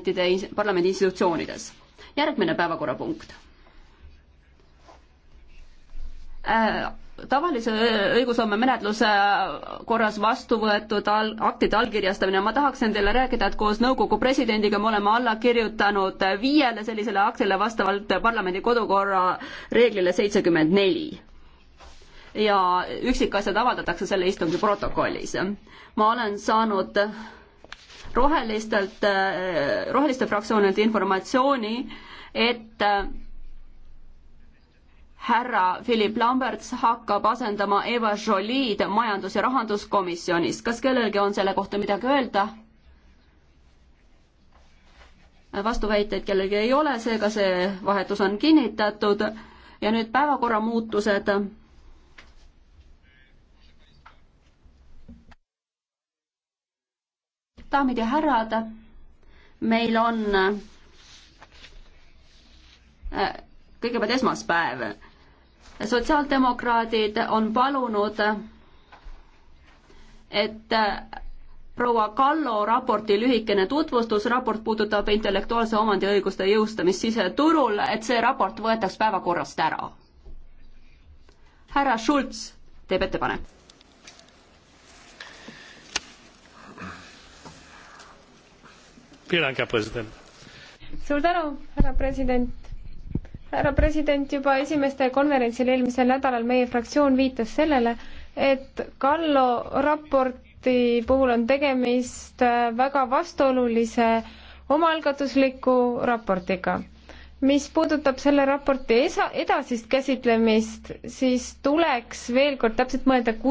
parlamentide, parlamendi institutsioonides. järgmine päevakorrapunkt äh, tavalise õigusloome menetluse korras vastu võetud al-, aktide allkirjastamine, ma tahaksin teile rääkida, et koos nõukogu presidendiga me oleme alla kirjutanud viiele sellisele aktile vastavalt parlamendi kodukorra reeglile seitsekümmend neli. ja üksikasjad avaldatakse selle istungi protokollis. ma olen saanud rohelistelt, äh, roheliste fraktsioonilt informatsiooni, et äh, härra Philip Lamberts hakkab asendama Eva Jolid majandus- ja rahanduskomisjonis. kas kellelgi on selle kohta midagi öelda? vastuväiteid kellelgi ei ole, seega see vahetus on kinnitatud ja nüüd päevakorra muutused daamid ja härrad, meil on äh, kõigepealt esmaspäev. sotsiaaldemokraadid on palunud, et äh, proua Kallo raporti lühikene tutvustus, raport puudutab intellektuaalse omandiõiguste jõustamist siseturul, et see raport võetaks päevakorrast ära. härra Schulz teeb ettepaneku suur tänu, härra president. härra president, juba esimeste konverentsil eelmisel nädalal meie fraktsioon viitas sellele, et Kallo raporti puhul on tegemist äh, väga vastuolulise omaalgatusliku raportiga. mis puudutab selle raporti esa-, edasist käsitlemist, siis tuleks veel kord täpselt mõelda, kuidas